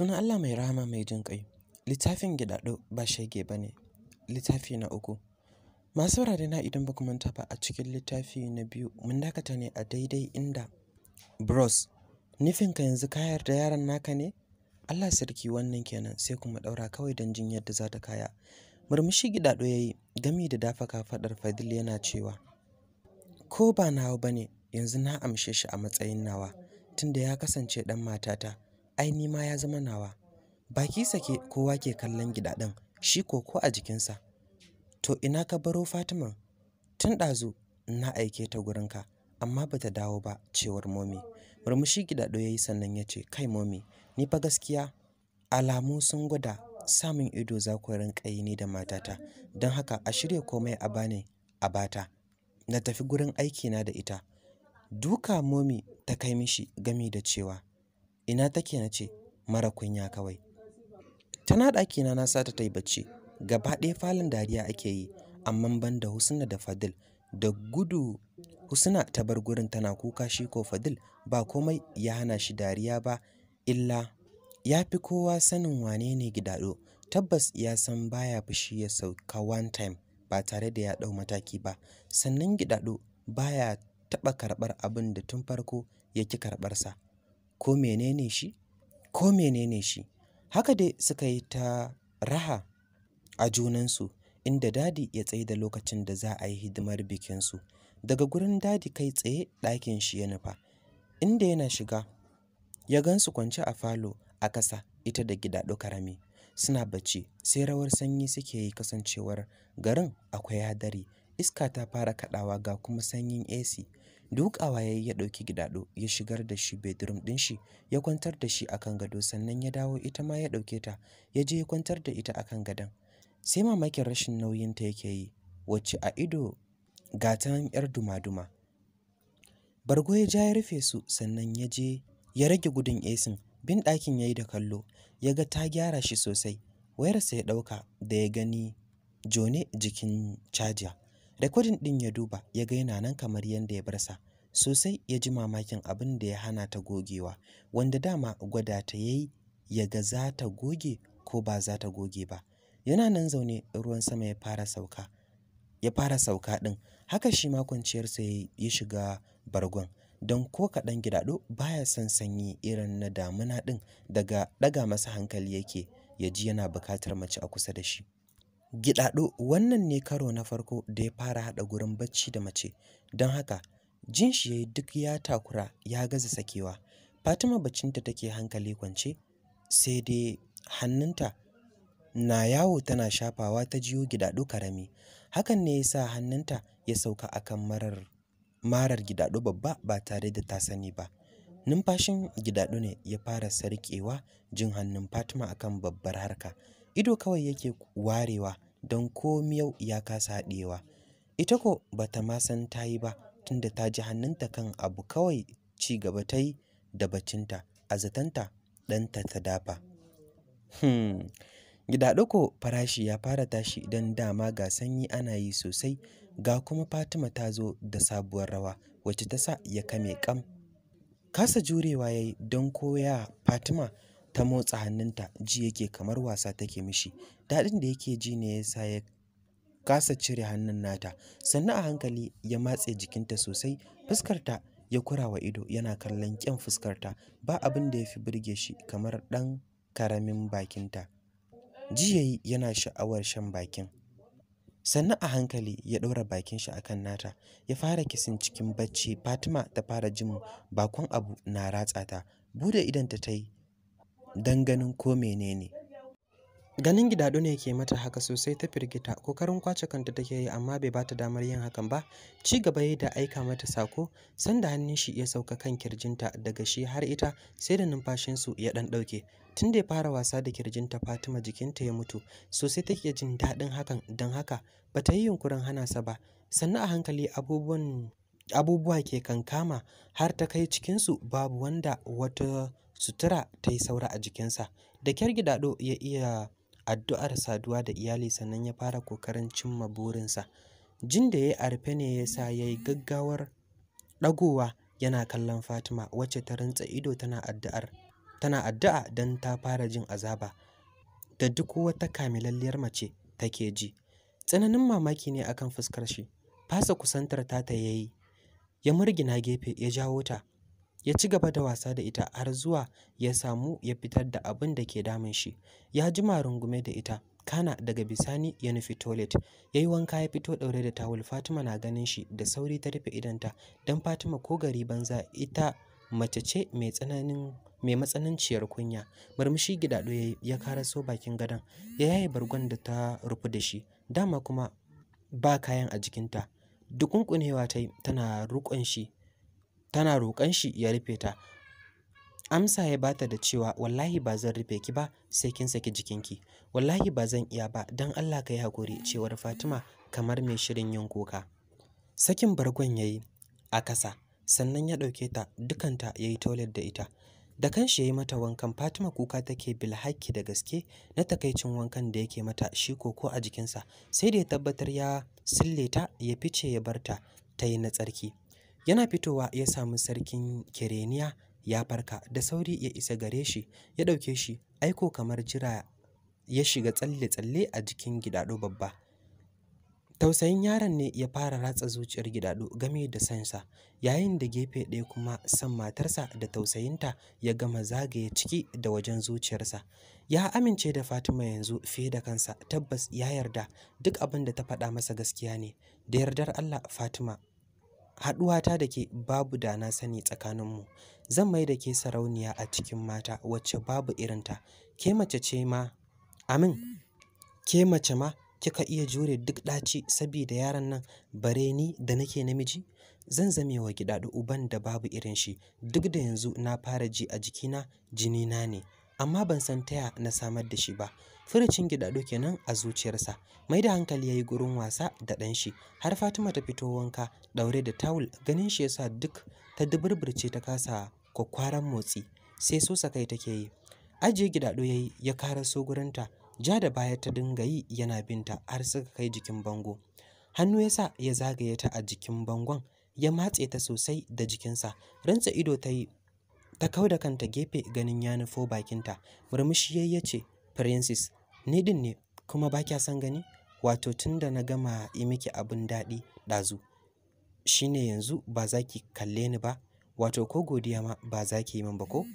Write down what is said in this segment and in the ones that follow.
sunan Allah mai rahama mai jin ƙai. Littafin gidaɗo ba shege ba ne. Littafi na uku. Masu wurare na idan ba manta ba a cikin littafi na biyu mun dakata ne a daidai inda Bros. Nufinka yanzu kayar da yaran naka ne? Allah sarki wannan kenan sai kuma ɗaura kawai don jin yadda za ta kaya. Murmushi gidaɗo ya yi gami da dafaka faɗar Fadil yana cewa, Ko ba nawa ba ne yanzu na amshe shi a matsayin nawa tunda ya kasance ɗan matata. ai ni ma ya zama nawa. Baki sake kowa ke kallon gidadan shi ko ko a jikinsa. To ina ka baro Fatima? Tun ɗazu na aike ta gurinka, amma bata dawo ba, cewar momi. Murmushi gidaɗo ya yi sannan ya ce, Kai momi, ni fa gaskiya alamu sun gwada samun ido za ku rinƙa yi ni da matata, don haka a shirya komai a bani a bata. Na tafi gurin aikina da ita. Duka momi ta kai mishi gami da cewa, ina take na ce mara kunya kawai tana ɗakina na sata ta yi bacci gaba ɗaya falon dariya ake yi amma ban da husna da fadil da gudu husna ta bar gurin tana kuka shi ko fadil ba komai ya hana shi dariya ba illa ya fi kowa sanin wane ne gidaɗo tabbas ya san baya fushi ya sauka one time ba tare da ya ɗau mataki ba sannan gidaɗo baya taɓa karɓar abin da tun farko ya ki karɓarsa ko menene shi ko menene shi haka dai suka yi ta raha a junansu inda dadi ya tsaye da lokacin da za a yi hidimar bikinsu daga gurin dadi kai tsaye ɗakin shi ya nufa inda yana shiga ya gansu kwance a falo a ƙasa ita da gidaɗo karami suna bacci sai rawar sanyi suke yi kasancewar garin akwai hadari iska ta fara kaɗawa ga kuma sanyin AC dukawa ya yi ya ɗauki gidaɗo ya shigar da shi bedroom ɗin shi ya kwantar da shi akan gado sannan ya dawo ita ma ya ɗauke ta ya je ya kwantar da ita akan gadon sai mamakin rashin nauyin ta yake yi wacce a ido gatan yar duma-duma bargo ya ja ya rufe su sannan ya je ya rage gudun esin bin ɗakin ya yi da kallo ya ga ta gyara shi sosai wayarsa ya ɗauka da ya gani jone jikin caja Da kudin din ya duba ya ga yana nan kamar yadda ya bar Sosai ya ji mamakin abin da ya hana ta gogewa, wanda dama gwada ta ya yi ya ga za ta goge ko ba za ta goge ba. Yana nan zaune ruwan sama ya fara sauka. Ya fara sauka ɗin, haka shi ma kwanciyarsa ya shiga bargon. don ko kaɗan gidaɗo baya son sanyi irin na damuna ɗin daga ɗaga masa hankali yake ya ji yana buƙatar mace a kusa da shi. Gidaɗo wannan ne karo na farko da ya fara haɗa gurin bacci da mace, don haka jin shi ya yi duk ya takura ya gaza sakewa. Fatima baccinta take hankali kwance, sai dai hannunta na yawo tana shafawa ta jiyo gidaɗo karami Hakan ne ya sa hannunta ya sauka akan kan marar, marar gidaɗo babba ba tare da ta sani ba. Numfashin gidaɗo ne ya fara sarƙewa jin hannun Fatima akan babbar harka. ido kawai yake warewa don komiyau ya kasa haɗewa ita ko bata ma san ta yi ba tunda ta ji hannunta kan abu kawai ci gaba ta yi da bacinta a zatanta ɗanta ta dafa hmm. Gida farashi ya fara tashi idan dama ga sanyi ana yi sosai ga kuma Fatima ta zo da sabuwar rawa wacce ta sa ya kame kam. Kasa jurewa ya yi don koya Fatima ta motsa hannunta ji yake kamar wasa take mishi daɗin da yake ji ne yasa ya kasa cire hannun nata sannan a hankali ya matse jikinta sosai fuskarta ya kurawa ido yana kallon kyan fuskarta ba abin da ya fi burge shi kamar ɗan karamin bakinta ji yayi yana sha'awar shan bakin sannan a hankali ya ɗora bakin shi akan nata ya fara kisin cikin bacci fatima ta fara jin bakon abu na ratsa ta bude idanta ta yi don ganin ko menene. Ganin gidado ne ke mata haka sosai ta firgita, kokarin kwace kanta take yi amma bai bata damar yin hakan ba, ci gaba da aika mata sako, sanda hannun shi ya sauka kan kirjinta daga shi har ita sai da numfashinsu ya ɗan ɗauke. Tun da ya fara wasa da kirjinta Fatima jikinta ya mutu, sosai take jin daɗin hakan don haka bata yi yunkurin hana sa ba, sannan a hankali abubuwan abubuwa ke kankama har ta kai cikinsu babu wanda wata sutura ta yi saura a jikinsa da kyar gidaɗo ya iya addu'ar saduwa da iyali sannan ya fara kokarin cimma burinsa jin da ya a rufe ne ya sa ya yi gaggawar ɗagowa yana kallon fatima wacce ta rantsa ido tana tana addu'a don ta fara jin azaba da duk wata kamilalliyar mace take ji tsananin mamaki ne akan fuskar shi fasa kusantar ta ya yi ya murgina gefe ya jawo ta ya ci gaba da wasa da ita har zuwa ya samu ya fitar da abin da ke damun shi ya jima rungume da ita kana daga bisani ya nufi toilet ya yi wanka ya fito ɗaure da tawul fatima na ganin shi da sauri ta rufe idanta don fatima ko gari banza ita mace ce mai tsananin mai matsananciyar kunya murmushi gidaɗo ya karaso bakin gadon ya yaye bargon da ta rufu da shi dama kuma ba kayan a jikinta dukunkunewa ta yi tana rukon shi tana roƙon shi ya rufe ta. Amsa ya bata da cewa wallahi ba zan rufe ki ba sai kin saki jikinki. Wallahi ba zan iya ba don Allah ka yi haƙuri cewar Fatima kamar mai shirin yin kuka. Sakin bargon ya yi a kasa sannan ya ɗauke ta dukanta ya yi toilet da ita. Da kanshi ya yi mata wankan Fatima kuka take haƙƙi da gaske na takaicin wankan da yake mata shi koko a jikinsa sai da ya tabbatar ya sille ta ya fice ya barta ta yi na tsarki. Yana fitowa ya samu sarkin Kireniya ya farka da sauri ya isa gare shi ya ɗauke shi aiko kamar jira ya shiga tsalle-tsalle a jikin gidado babba. Tausayin yaron ne ya fara ratsa zuciyar gidado game da sansa, yayin da gefe ɗaya kuma san matarsa da tausayinta ya gama zagaye ciki da wajen zuciyarsa. Ya amince da Fatima yanzu fiye da kansa, tabbas ya yarda duk abin da ta faɗa masa gaskiya ne. Da yardar Allah Fatima haɗuwata da ke babu da na sani tsakaninmu. Zan mai da ke sarauniya a cikin mata wacce babu irinta. Ke mace ce ma, amin, ke mace ma kika iya jure duk ɗaci saboda yaran nan bare ni da nake namiji? Zan zame wa gida da uban da babu irin shi, duk da yanzu na fara ji a jikina jinina ne, amma ban san taya na samar da shi ba. Furucin gidaɗo kenan a zuciyarsa, mai da hankali ya yi gurin wasa da ɗan shi, har Fatima ta fito wanka Daure da tawul ganin shi yasa duk ta duburburce ta kasa kwakkwaran motsi, sai sosa kai take yi. Ajiye gidaɗo ya yi ya karaso gurinta, ja da baya ta dinga yi yana binta har suka kai jikin bango. Hannu yasa ya zagaye ta a jikin bangon, ya matse ta sosai da jikinsa, rantsa ido ta yi ta kau da kanta gefe ganin ya nufo bakinta murmushi ya ce princess Ni din ne kuma ba kya san gani? Wato tun da na gama yi miki abin daɗi ɗazu, shi ne yanzu ba za ki kalle ni ba, wato ko godiya ma ba za ki yi min ba ko?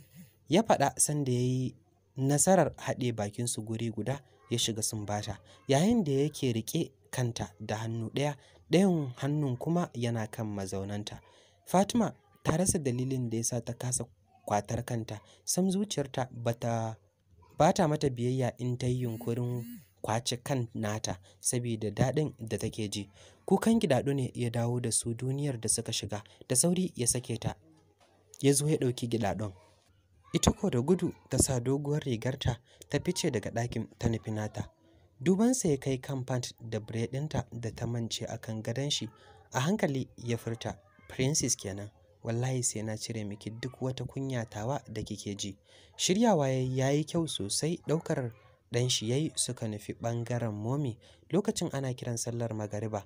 Ya faɗa sanda ya yi nasarar haɗe bakinsu guri guda ya shiga bata yayin da yake riƙe kanta da hannu ɗaya, ɗayan hannun kuma yana kan mazaunanta. Fatima ta rasa dalilin da ya sa ta kasa kwatar kanta, sam zuciyarta ba ta ba ta mata biyayya in ta yi yunkurin kwace kan nata saboda daɗin da take ji kukan gidaɗo ne ya dawo da su duniyar da suka shiga da sauri ya sake ta ya zo ya ɗauki gidaɗon ita ko da gudu ta sa doguwar rigarta ta fice daga ɗakin ta nufi nata dubansa ya kai kan fant da biredinta da ta mance a kan gadon shi a hankali ya furta princess kenan wallahi sai na cire miki duk wata kunyatawa da kike ji shiryawa ya yi kyau sosai ɗaukar ɗan shi yayi suka nufi ɓangaren momi lokacin ana kiran sallar magariba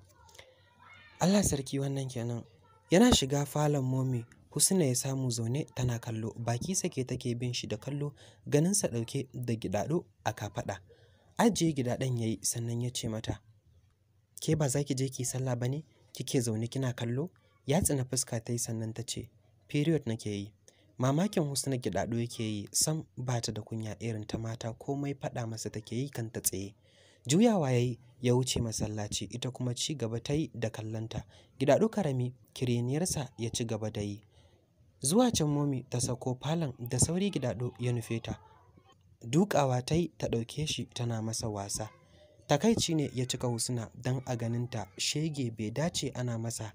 allah sarki wannan kenan yana shiga falon momi husna ya samu zaune tana kallo baki sake take bin shi da kallo ganinsa ɗauke da gidaɗo a kafaɗa ajiye gidaɗen yayi sannan ya ce mata ke ba za ki je ki sallah ba ne kike zaune kina kallo ya tsina fuska ta yi sannan ta ce period nake yi mamakin husna gidado yake yi sam ba ta da kunya irin ta mata komai faɗa masa take yi kan ta tsaye juyawa ya yi ya wuce masallaci ita kuma ci gaba ta yi da kallonta gidado karami kireniyarsa ya ci gaba da yi zuwa can momi ta sako falon da sauri gidado ya nufe ta dukawa ta yi ta ɗauke shi tana masa wasa takaici ne ya cika husna don a ganin ta. shege bai dace ana masa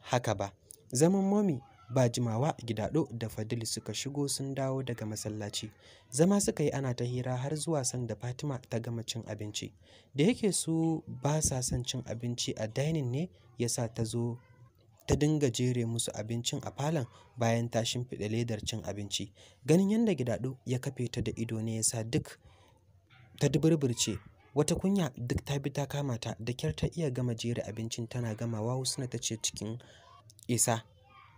haka ba. Zaman Momi ba jimawa Gidaɗo da Fadil suka shigo sun dawo daga masallaci. Zama suka yi ana ta hira har zuwa sanda Fatima ta gama cin abinci. Da yake su ba sa son cin abinci a dainin ne ya sa ta zo ta dinga jere musu abincin a falon bayan ta shimfiɗa ledar cin abinci. Ganin yadda Gidaɗo ya kafe ta da ido ne ya sa duk ta duburburce Wata kunya duk ta bi ta kama ta da kyar ta iya gama jera abincin tana gamawa Husna ta ce cikin isa.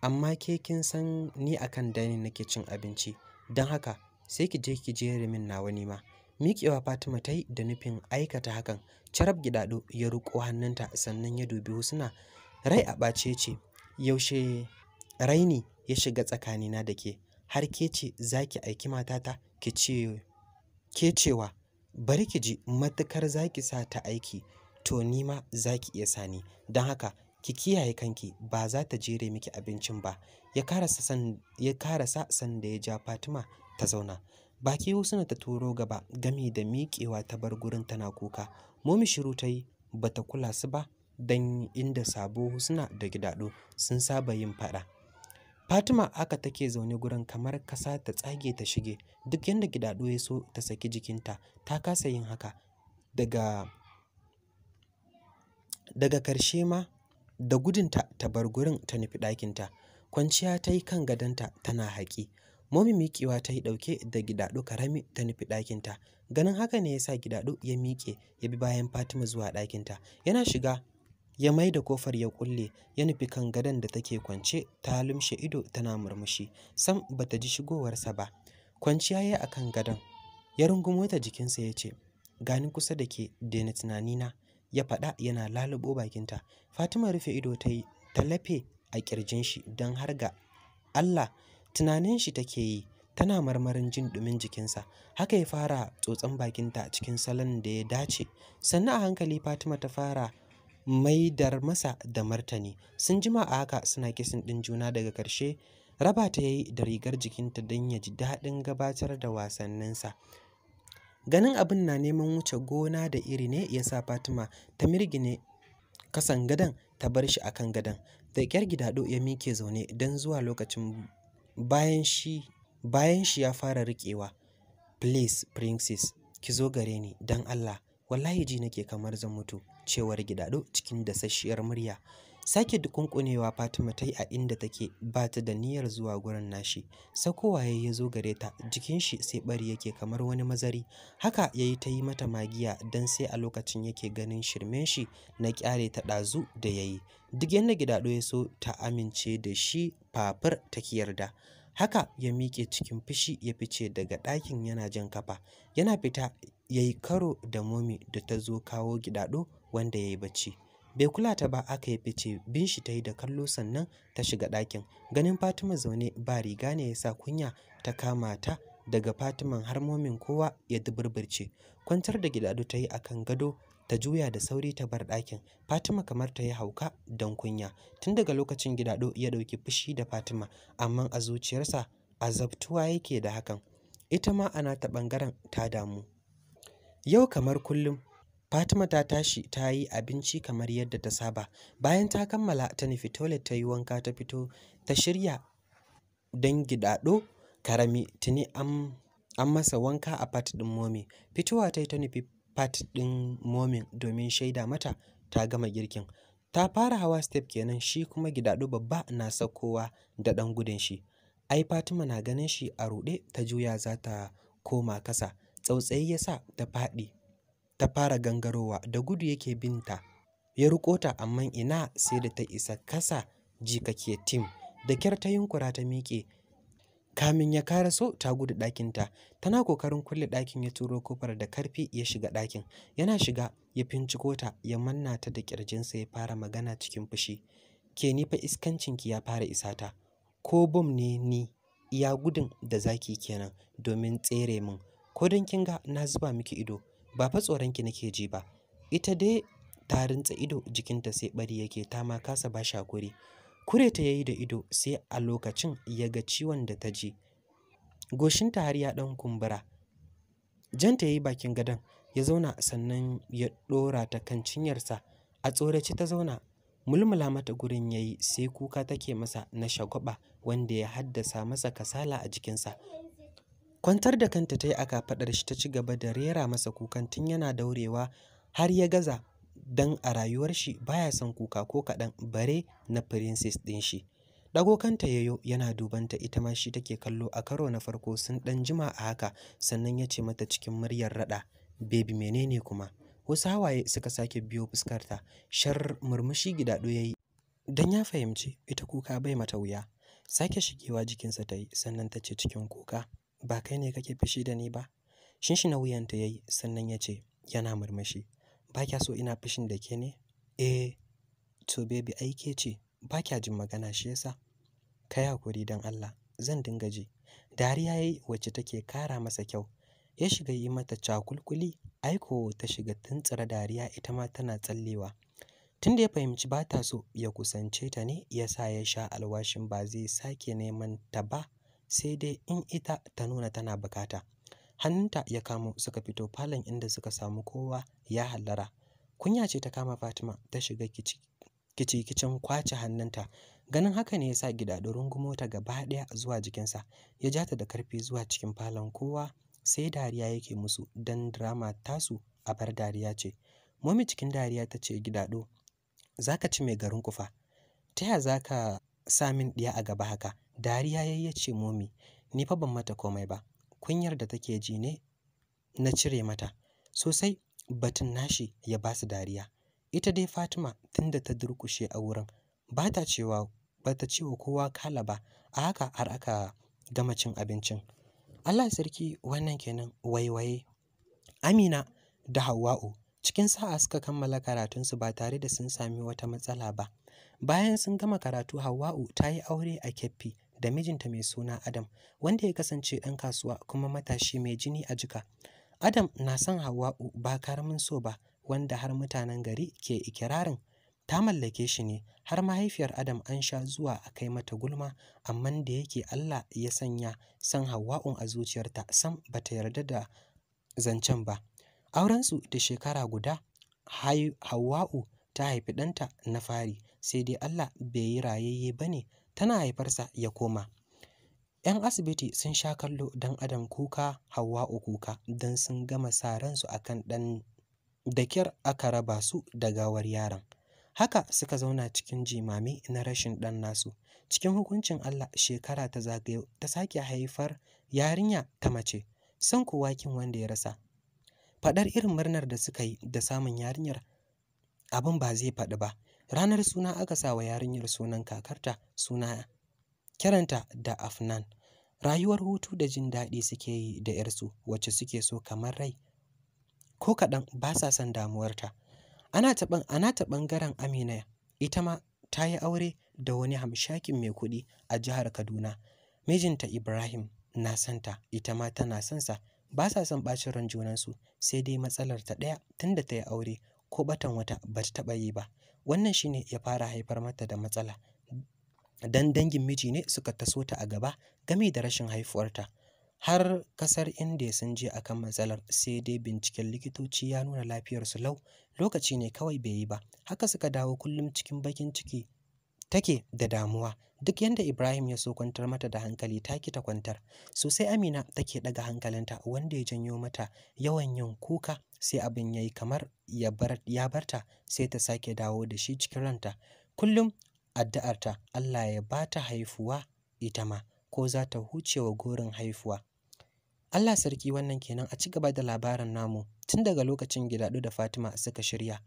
Amma ke kin san ni akan na nake cin abinci don haka sai ki je ki jere min nawa ma. Miƙewa Fatima ta yi da nufin aikata hakan. Carab gidaɗo ya riƙo hannunta sannan ya dubi Husna. Rai a ɓace ce, yaushe raini ya shiga tsakanina da ke, har ke ce za ki aiki matata ki ce ke cewa bari ki ji matukar za ki sa ta aiki to ni ma za ki iya sani don haka ki kiyaye kanki ba za ta jere miki abincin ba ya karasa san da ya ja Fatima ta zauna baki Husna ta turo gaba gami da miƙewa ta bar gurin tana kuka momi shiru ta yi ba ta kula su ba don inda sabo Husna da gidado sun saba yin fada Fatima haka take zaune gurin kamar kasa ta tsage ta shige duk yadda gidaɗo ya so ta saki jikinta ta kasa yin haka daga daga karshe ma da gudunta ta bar gurin ta nufi ɗakinta kwanciya ta yi kan gadonta tana haƙi momi miƙewa ta yi ɗauke da gidaɗo karami ta nufi ɗakinta ganin haka ne ya sa gidaɗo ya miƙe ya bi bayan fatima zuwa ɗakinta yana shiga ya mai da kofar ya kulle ya nufi kan gadon da take kwance ta lumshe ido tana murmushi sam ba ta ji shigowarsa ba kwanciya ya yi a kan gadon ya rungumo ta jikinsa ya ce gani kusa da ke daina tunanina ya faɗa yana lalubo bakinta fatima rufe ido ta yi ta lafe a kirjin shi don har ga allah tunanin shi take yi tana marmarin jin dumin jikinsa haka ya fara tsotson bakinta cikin salon da ya dace sannan a hankali fatima ta fara maidar masa da martani sun jima a haka suna kisin ɗin juna daga ƙarshe raba ta yayi da rigar jikinta don ya ji daɗin gabatar da wasanninsa ganin abin na neman wuce gona da iri ne ya sa fatima ta mirgine kasan gadon ta bar shi akan gadon da ƙyar gidado ya mike zaune don zuwa lokacin bayan shi ya fara riƙewa please princess ki zo gare ni don allah wallahi ji nake kamar zan mutu cewar gidado cikin dasasshiyar murya sake dukunkunewa Fatima ta yi a inda take ba ta da niyyar zuwa gurin nashi sakowa ya yi zo gare ta jikin shi sai bari yake kamar wani mazari haka ya yi ta yi mata magiya don sai a lokacin yake ganin shirmen shi na ƙyare ta ɗazu da ya yi duk yadda gidado ya so ta amince da shi fafar ta ki yarda haka ya miƙe cikin fushi ya fice daga ɗakin yana jan kafa yana fita ya yi karo da momi da ta zo kawo gidado wanda ya yi bacci. Bai kula ta ba aka yi fice bin shi ta yi da kallo sannan ta shiga ɗakin. Ganin Fatima zaune ba riga ne ya sa kunya ta kama ta daga Fatima, har momin kowa ya duburburce. Kwantar da gidado ta yi a kan gado ta juya da sauri ta bar ɗakin. Fatima kamar ta yi hauka don kunya. Tun daga lokacin gidado ya ɗauki fushi da Fatima amma a zuciyarsa azabtuwa yake da hakan. Ita ma ana ta ɓangaren ta damu. Yau kamar kullum Fatima ta tashi ta yi abinci kamar yadda ta saba. Bayan ta kammala ta nufi toilet ta yi wanka ta fito ta shirya don gidaɗo karami tuni an masa wanka a fat ɗin momi. Fitowa ta yi ta nufi fat ɗin momin domin shaida mata ta gama girkin. Ta fara hawa step kenan shi kuma gidaɗo babba na saukowa da ɗan gudun shi. Ai Fatima na ganin shi a ruɗe ta juya za ta koma kasa. Tsautsayi ya sa ta faɗi ta fara gangarowa da gudu yake binta ya ruko ta amma ina sai da ta isa kasa jikake tim da kyar ta yunkura ta miƙe kamin ya kara so ta gudu ɗakinta tana kokarin kulle ɗakin ya turo kofar da karfi ya shiga ɗakin yana shiga ya finciko ta ya manna ta da ƙirjinsa ya fara magana cikin fushi ke ni fa iskancinki ya fara isa ta. ko bom ne ni iya gudun da zaki kenan domin tsere min ko don kin ga na zuba miki ido ba fa tsoronki nake ji ba ita dai ta rintsa ido jikinta sai bari yake ta ma kasa ba shi hakuri kure ta yayi da ido sai a lokacin ya ga ciwon da ta ji goshinta har ya dan kumbura janta yayi bakin gadon ya zauna sannan ya dora ta kan cinyarsa a tsoraci ta zauna mulmula mata gurin yayi sai kuka take masa na shagwaba wanda ya haddasa masa kasala a jikinsa Kwantar da kanta ta yi a kafaɗar shi ta ci gaba da rera masa kukan tun yana daurewa har ya gaza don a rayuwar shi baya son kuka ko kaɗan bare na princess ɗin shi. Ɗago kanta yayo yana dubanta ita ma shi take kallo a karo na farko sun ɗan jima a haka sannan ya ce mata cikin muryar raɗa baby menene kuma wasu hawaye suka sake biyo fuskarta shar murmushi gidaɗo ya yi don ya fahimci ita kuka bai mata wuya sake shigewa jikinsa ta yi sannan ta ce cikin kuka ba kai ne kake fishi da ni ba shinshina wuyanta ya yi sannan ya ce yana murmushi ba kya so ina fishin da ke ne eh to baby aike ce ba kya jin magana shi yasa kai hakuri don Allah zan dinga ji dariya yayi wacce take kara masa kyau ya shiga yi mata cakulkuli aiko ta shiga tuntsira dariya ita ma tana tsallewa tunda ya fahimci ba ta so ya kusance ta ne yasa ya sha alwashin ba zai sake neman ta ba sai dai in ita ta nuna tana bukata hannunta ya kamo suka fito falon inda suka samu kowa ya hallara kunya ce ta kama fatima ta shiga kicikicin kwace hannunta ganin haka ne ya sa gidado rungumo ta gaba ɗaya zuwa jikinsa ya ja ta da karfi zuwa cikin falon kowa sai dariya yake musu don drama tasu a bar dariya ce momi cikin dariya ta ce gidado za ka ci mai garin kufa ta ya za ka Samin min ɗiya a gaba haka dariya yayyace ya ce momi ni fa ban mata komai ba kunyar da take ji ne na cire mata sosai batun nashi ya ba su dariya ita dai Fatima tunda ta durkushe a wurin ba ta cewa ba ta cewa kowa kala ba a haka har aka gama cin abincin Allah sarki wannan kenan waiwaye Amina da hawa'u cikin sa'a suka kammala karatunsu ba tare da sun sami wata matsala ba Bayan sun gama karatu Hawwa'u ta yi aure a Keffi da mijinta mai suna Adam, wanda ya kasance ɗan kasuwa kuma matashi mai jini a jika. Adam na son Hawwa'u ba karamin so ba, wanda har mutanen gari ke ikirarin ta mallake shi ne har mahaifiyar Adam an sha zuwa a kai mata gulma amma da yake Allah ya sanya san Hawwa'un a zuciyarta sam ba ta yarda da zancen ba aurensu da shekara guda Hawwa'u ta haifi ɗanta na fari sai dai Allah bai yi rayayye ba ne tana haifarsa ya koma. 'Yan asibiti sun sha kallo don adam kuka o kuka don sun gama sa ransu a kan ɗan da kyar aka raba su da gawar yaron. Haka suka zauna cikin jimami na rashin ɗan nasu. Cikin hukuncin Allah shekara ta zagayo ta sake haifar yarinya ta mace, san kuwa kin wanda ya rasa. Faɗar irin murnar da suka yi da samun yarinyar abin ba zai faɗi ba Ranar suna aka sa wa yarinyar sunan kakarta suna kiranta da Afnan. Rayuwar hutu da jin daɗi suke yi da ‘yarsu wacce suke so kamar rai. Ko kaɗan ba sa son damuwarta. Ana ta ɓangaren Amina ita ma ta yi aure da wani hamshakin mai kuɗi a jihar Kaduna. Mijinta Ibrahim na santa ita ma tana son sa ba sa son ɓacin ran junansu sai dai matsalar ta ɗaya tunda ta yi aure ko batan wata ba ta taɓa yi ba wannan shine ya fara haifar mata da matsala dan dangin miji ne suka taso ta a gaba game da rashin haifuwarta har kasar inda sun je akan matsalar sai dai binciken likitoci ya nuna lafiyarsu lau lokaci ne kawai bai yi ba haka suka dawo kullum cikin bakin ciki take da damuwa duk yanda Ibrahim ya so kwantar mata da hankali taki ta kwantar sosai Amina take daga hankalinta wanda ya janyo mata yawan yin kuka sai abin yayi kamar ya bar barta sai ta sake dawo da shi cikin ranta kullum addu'arta Allah ya bata haifuwa ita ma ko za ta huce wa gorin haifuwa Allah sarki wannan kenan a ci gaba da labarin namu tun daga lokacin gidaɗu da Fatima suka shirya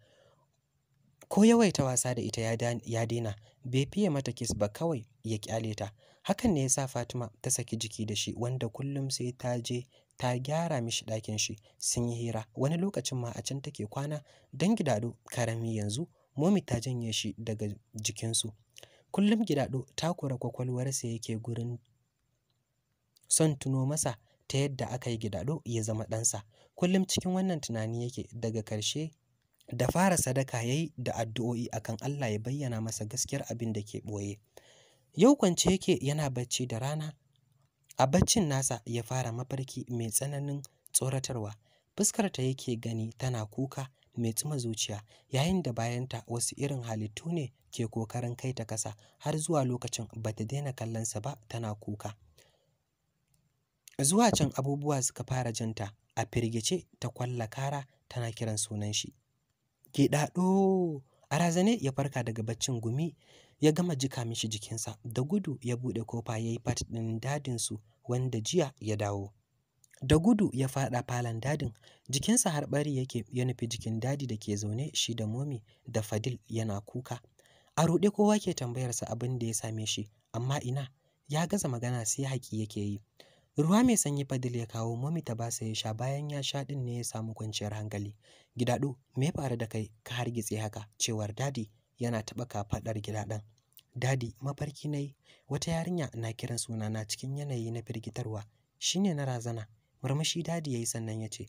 ko yawaita wasa da ita ya daina bai fiye mata kis ba kawai ya kyale ta hakan ne ya sa Fatima ta saki jiki da shi wanda kullum sai ta je ta gyara mishi ɗakin shi sun yi hira wani lokacin ma a can take kwana don gidado karami yanzu momi ta janye shi daga jikinsu kullum gidado takura kwakwalwarsa yake gurin son tuno masa ta yadda aka yi gidado ya zama ɗansa kullum cikin wannan tunani yake daga karshe da fara sadaka ya yi da addu'o'i akan Allah ya bayyana masa gaskiyar abin da ke ɓoye. Yau kwance yake yana bacci da rana, a baccin nasa ya fara mafarki mai tsananin tsoratarwa, fuskarta yake gani tana kuka mai tsuma zuciya yayin da bayanta wasu irin halittu ne ke kokarin kai ta kasa har zuwa lokacin ba ta daina kallonsa ba tana kuka. Zuwa can abubuwa suka fara jinta a firgice ta kwalla kara tana kiran sunan shi. ɗaɗo A razane ya farka daga baccin gumi ya gama jika mishi jikinsa. Da gudu ya buɗe kofa ya yi fat ɗin dadinsu wanda jiya ya dawo. Da gudu ya faɗa falon dadin, jikinsa har ɓari yake ya nufi jikin dadi da ke zaune shi da momi da Fadil yana kuka. A ruɗe kowa ke tambayarsa abin da ya same shi, amma ina, ya gaza magana sai haƙi yake yi. Ruwa mai sanyi Fadil ya kawo mami ta basa ya sha bayan ya sha din ne ya samu kwanciyar hankali. Gidaɗo, me ya faru da kai ka hargitse haka? Cewar dadi yana taɓa kafaɗar gidaɗan. Dadi mafarki na yi wata yarinya na kiran sunana cikin yanayi na firgitarwa ne na razana murmushi dadi ya yi sannan ya ce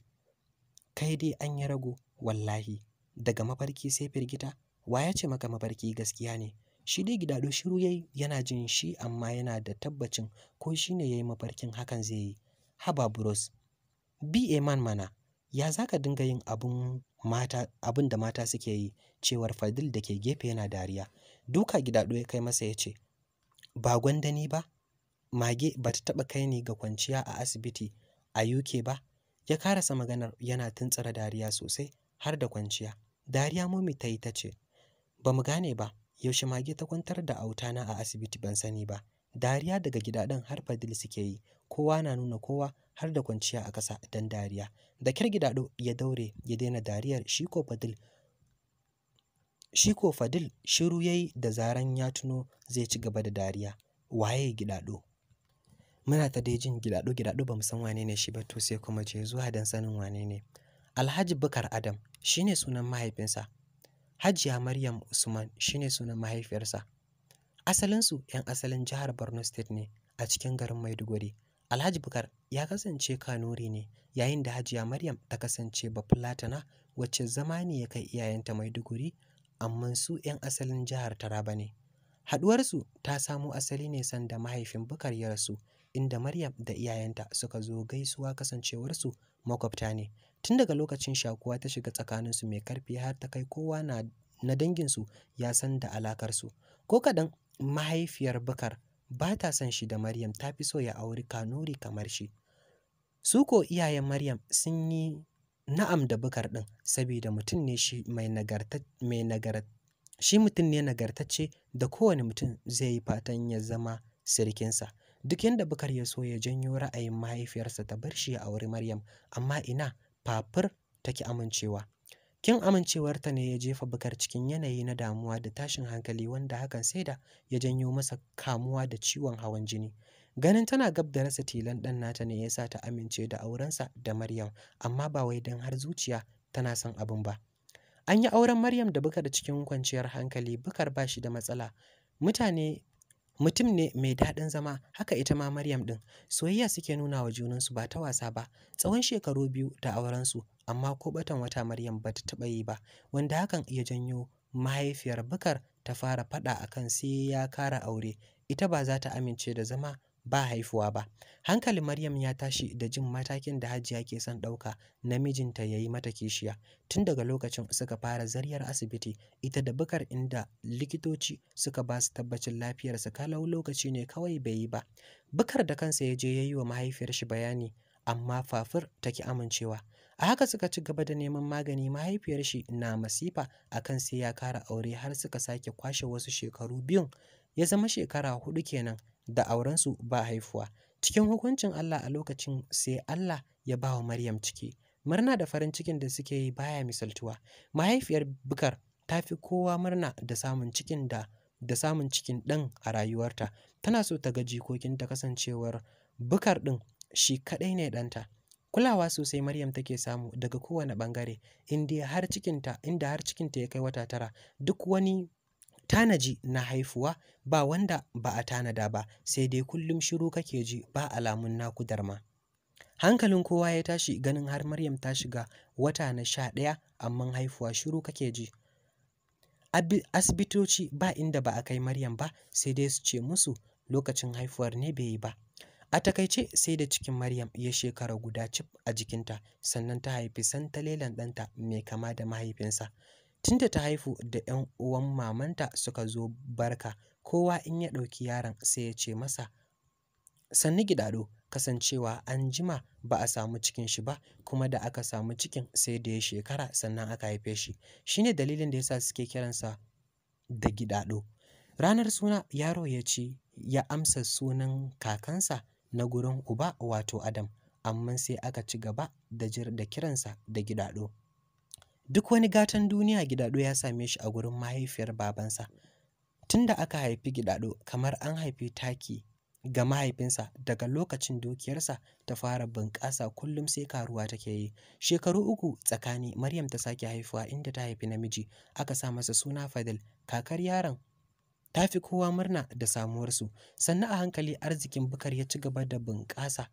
kai dai an yi rago wallahi daga mafarki sai firgita wa ya ce maka mafarki gaskiya ne Shi dai gidaɗo shiru yayi yana jin shi amma yana da tabbacin ko shine yayi mafarkin hakan zai yi. Haba Bros. bi a man mana, ya zaka dinga yin abun mata abin da mata suke yi cewar Fadil da ke gefe yana dariya. Duka gidaɗo ya kai masa ya ce, Ba gwandani ba, mage ba ta taɓa kai ni ga kwanciya a asibiti a UK ba, ya karasa maganar yana tuntsara dariya sosai har da kwanciya. Dariya momi ta yi ta ce, Ba mu gane ba, yaushe mage ta kwantar da autana a asibiti ban sani ba dariya daga gida ɗin har fadil suke yi kowa na nuna kowa har da kwanciya a ƙasa don dariya da kyar gidaɗo ya daure ya daina dariyar shi ko fadil shi ko fadil shiru yayi da zaran ya tuno zai ci gaba da dariya waye gidaɗo muna ta dai jin gidaɗo gidaɗo ba mu san wane ne shi ba to sai kuma ce zuwa don sanin wane ne alhaji bukar adam shine sunan mahaifinsa Hajiya Maryam Usman shine sunan mahaifiyarsa. Asalinsu 'yan asalin jihar Borno State ne a cikin garin Maiduguri. Alhaji Bukar ya kasance Kanuri ne yayin da Hajiya Maryam ta kasance Bafulatana wacce zama ne ya kai iyayenta Maiduguri amma su 'yan asalin jihar Taraba ne. Haɗuwarsu ta samo asali ne sanda mahaifin Bukar ya rasu inda Maryam da iyayenta suka zo gaisuwa kasancewarsu makwabta ne tun daga lokacin shakuwa ta shiga tsakaninsu mai karfi har ta kai kowa na na danginsu ya san da alakarsu ko kaɗan mahaifiyar bukar ba ta son shi da maryam ta fi so ya auri kanuri kamar shi su ko iyayen maryam sun yi na'am da bukar ɗin saboda mutum ne shi mai nagarta shi mutum ne nagartacce da kowane mutum zai yi fatan ya zama sirkinsa duk yadda bukar ya so ya janyo ra'ayin mahaifiyarsa ta bar shi ya auri maryam amma ina fafur take amincewa. Kin amincewarta ne ya jefa Bukar cikin yanayi na damuwa da tashin hankali wanda hakan sai da ya janyo masa kamuwa da ciwon hawan jini. Ganin tana gab da rasa tilan ɗan nata ne ya sa ta amince da aurensa da Maryam, amma ba wai don har zuciya tana son abin ba. An yi auren Maryam da Bukar cikin kwanciyar hankali, Bukar bashi da matsala. Mutane mutum ne mai daɗin zama haka ita ma Maryam ɗin soyayya suke nuna wa junansu ba ta wasa ba tsawon shekaru biyu da aurensu amma ko batan wata Maryam ba ta taɓa yi ba wanda hakan iya janyo mahaifiyar Bukar ta fara faɗa akan sai ya kara aure ita ba za ta amince da zama ba haifuwa ba hankalin maryam ya tashi da jin matakin da hajiya ke son ɗauka namijinta ya yi mata kishiya tun daga lokacin suka fara zaryar asibiti ita da bukar inda likitoci suka ba su tabbacin lafiyarsa kalau lokaci ne kawai bai yi ba bukar da kansa ya je ya yi wa mahaifiyar shi bayani amma fafur ta ki amincewa a haka suka ci gaba da neman magani mahaifiyar shi na masifa akan sai ya kara aure har suka sake kwashe wasu shekaru biyun ya zama shekara hudu kenan da aurensu ba haifuwa cikin hukuncin Allah a lokacin sai Allah ya ba wa Maryam ciki murna da farin cikin da suke yi baya misaltuwa mahaifiyar bukar ta fi kowa murna da samun cikin da da samun cikin ɗan a rayuwarta tana so ta ga jikokin ta kasancewar bukar ɗin shi kaɗai ne ɗanta kulawa sosai Maryam take samu daga kowane ɓangare. inda har cikinta ya kai wata tara duk wani Tanaji na haifuwa ba wanda ba a tanada ba sai dai kullum shiru kake ji ba alamun naku darma Hankalin kowa ya tashi ganin har Maryam ta shiga wata na sha ɗaya amma haifuwa shiru kake ji. Asibitoci ba inda ba a kai Maryam ba sai dai su ce musu lokacin haifuwar ne bai yi ba. A takaice sai da cikin Maryam ya shekara guda cif a jikinta sannan ta haifi santalelan ɗanta mai kama da mahaifinsa. Tunda ta haihu da 'yan uwan mamanta suka zo barka, kowa in ya ɗauki yaron sai ya ce masa, Sannu gidaɗo, kasancewa an jima ba a samu cikin shi ba, kuma da aka samu cikin sai da ya shekara sannan aka haife shi. Shi ne dalilin da ya sa suke kiransa da gidaɗo. Ranar suna yaro ya ci ya amsa sunan kakansa na gurin uba wato Adam, amma sai aka ci gaba da kiransa da gidaɗo. Duk wani gatan duniya Gidaɗo ya same shi a gurin mahaifiyar babansa. Tun da aka haifi Gidaɗo kamar an haifi taki ga mahaifinsa daga lokacin dukiyarsa ta fara bunƙasa kullum sai karuwa take yi. Shekaru uku tsakani Maryam ta sake haifuwa inda ta haifi namiji aka sa masa suna Fadil kakar yaron ta fi kowa murna da samuwarsu sannan a hankali arzikin bukar ya ci gaba da bunƙasa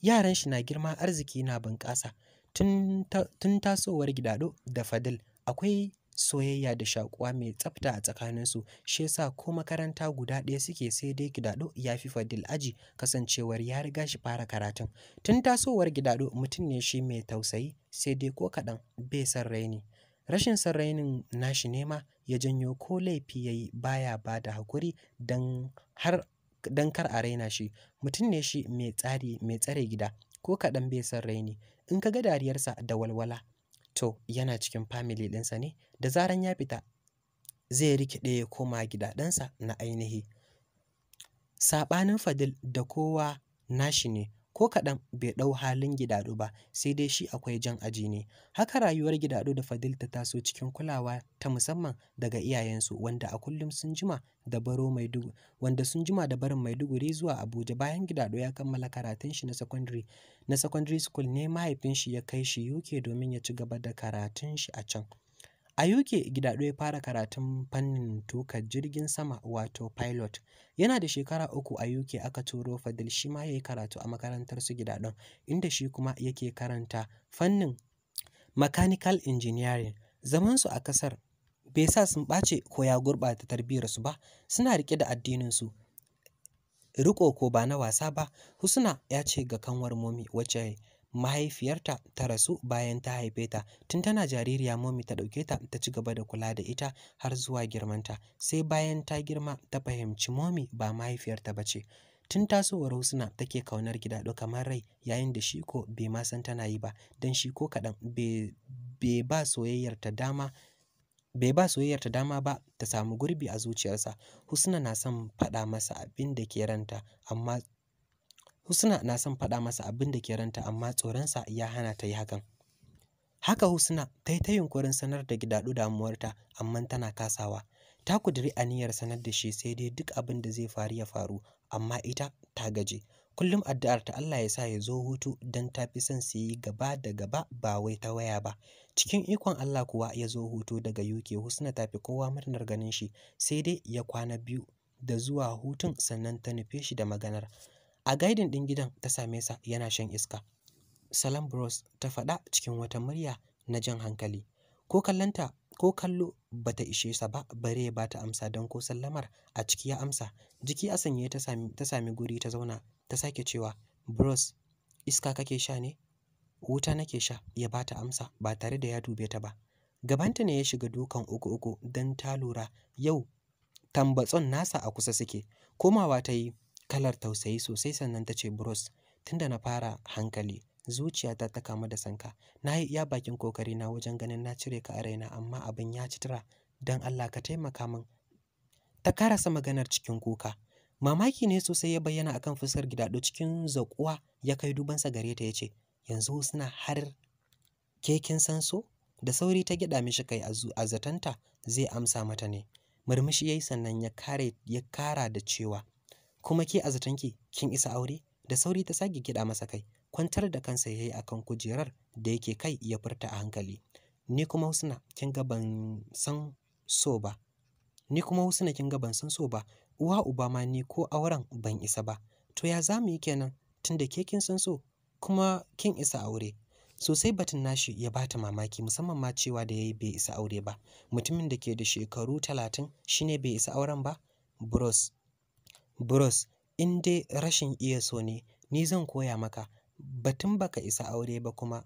yaran shi na girma arziki na bunƙasa Tun tasowar Gidaɗo da Fadil akwai soyayya da shakuwa mai tsafta a tsakaninsu shi yasa ko makaranta guda ɗaya suke sai dai Gidaɗo ya fi Fadil aji kasancewar ya riga shi fara karatun. Tun tasowar Gidaɗo mutum ne shi mai tausayi sai dai ko kaɗan bai son raini. Rashin son rainin nashi ne ma ya janyo ko laifi ya yi baya ba da hakuri don har dan kar a raina shi mutum ne shi mai tsari mai tsare gida ko kaɗan bai son raini in ka ga dariyarsa da walwala to yana cikin family ɗinsa ne da zaran ya fita zai rikide ya koma gidaɗensa na ainihi saɓanin fadil da kowa nashi ne ko kaɗan bai ɗau halin gidaɗo ba sai dai shi akwai jan aji ne haka rayuwar gidaɗo da fadil ta so cikin kulawa ta musamman daga iyayensu wanda a kullum sun jima da baro dugu wanda sun jima da barin maiduguri zuwa abuja bayan gidaɗo ya kammala karatun shi na secondary na secondary school ne mahaifin shi ya kai shi uk domin ya ci gaba da karatun shi a can A UK Gidado ya fara karatun fannin tuka jirgin sama wato pilot. Yana da shekara uku a UK aka turo Fadil shi ma ya yi karatu a makarantar su Gidadon inda shi kuma yake karanta fannin mechanical engineering. Zamansu a ƙasar, bai sa sun ɓace ko ya gurɓata su ba suna riƙe da addinin su Riko ko ba na wasa ba, Husna ya ce ga kanwar momi wacce mahaifiyarta ta rasu bayan ta haife ta tun tana jaririya momi ta ɗauketa ta ta ci gaba da kula da ita har zuwa girmanta sai bayan ta girma ta fahimci momi ba mahaifiyarta ba ce tun tasowar husna take kaunar do kamar rai yayin da shi ko bai ma san tana yi ba dan shi ko kaɗan bai ba soyayyarta dama bai ba soyayyarta dama ba ta samu gurbi a zuciyarsa husna na son faɗa masa abin da ke ranta amma Husna na son faɗa masa abin da ke ranta amma tsoronsa ya hana ta yi hakan. Haka Husna ta yi ta yunkurin sanar da gidaɗu damuwarta amma tana kasawa. Ta kudiri aniyar sanar da shi sai dai duk abin da zai faru ya faru amma ita ta gaji. Kullum addu'ar ta Allah ya sa ya zo hutu don ta fi son su yi gaba da gaba ba wai ta waya ba. Cikin ikon Allah kuwa ya zo hutu daga UK Husna ta fi kowa murnar ganin shi sai dai ya kwana biyu da zuwa hutun sannan ta nufe shi da maganar. A gaidin ɗin gidan ta same sa yana shan iska. Salam Bros ta faɗa cikin wata murya na jan hankali. Ko kallanta ko kallo bata ishe sa ba bare ya ta amsa don ko sallamar a ciki ya amsa. Jiki a sanye ta sami ta sami guri ta zauna ta sake cewa Bros iska kake sha ne? Wuta nake sha ya bata amsa ba tare da ya dube ta ba. Gabanta ne ya shiga dukan uku uku don ta lura yau tambatson nasa a kusa suke. Komawa ta yi kalar tausayi sosai sannan ta ce bros tunda na fara hankali zuciyata ta kamu da sanka na yi iya bakin kokari na wajen ganin na cire ka a raina amma abin ya ci tura don Allah ka taimaka min ta karasa maganar cikin kuka mamaki ne sosai ya bayyana akan fuskar gida gidado cikin zakuwa ya kai dubansa gare ta ce. yanzu suna har kekin san so da sauri ta gida mishi kai a zatanta zai amsa mata ne murmushi yayi sannan ya kare ya kara da cewa kuma ke a zaton ki, kin isa aure da sauri ta sake kiɗa masa kai kwantar da kansa yayi akan kujerar da yake kai ya furta a hankali ni kuma husna kin ga ban san so ba ni kuma husna kin ga ban san so ba uwa uba ma ni ko auren ban isa ba to ya za mu yi kenan tunda ke kin san so kuma kin isa aure sosai batun nashi ya bata mamaki musamman ma cewa da yayi bai isa aure ba mutumin da ke da shekaru talatin shine bai isa auren ba bros Bros, in dai rashin iya so ne, ni zan koya maka, batun baka isa aure ba kuma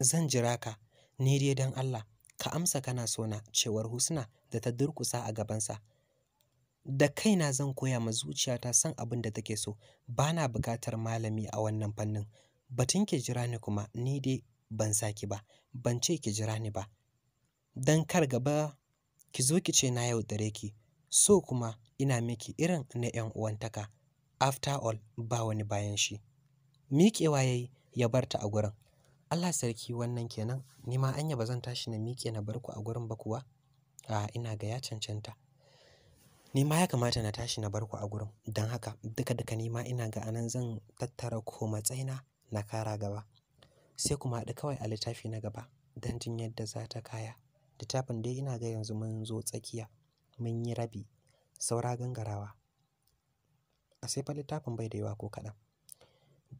zan jira ka, ni dai don Allah, ka amsa kana sona cewar Husna da ta durkusa a gabansa. Da kaina zan koya ma zuciyata san abin da take so, Bana na buƙatar malami a wannan fannin. Batun ke jira ni kuma ni dai ban saki ba, ban ce ki jira ni ba. Dan kar gaba ki zo ki ce na yaudare ki, so kuma ina miki irin na 'yan uwantaka after all ba wani bayan shi miƙewa ya yi ya bar ta a gurin Allah sarki wannan kenan ni ma anya ba zan tashi na miƙe na bar a gurin ba kuwa a ina ga ya cancanta ni ma ya kamata na tashi na bar ku a gurin don haka duka duka ni ma ina ga anan zan tattara ko matsayina na kara gaba sai kuma haɗu kawai a littafi na gaba don jin yadda za ta kaya littafin dai ina ga yanzu mun zo tsakiya mun yi rabi saura gangarawa a sai fa littafin bai da yawa ko kaɗan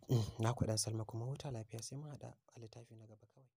mm, na kuɗin salma kuma huta lafiya sai mun haɗa a littafi na gaba kawai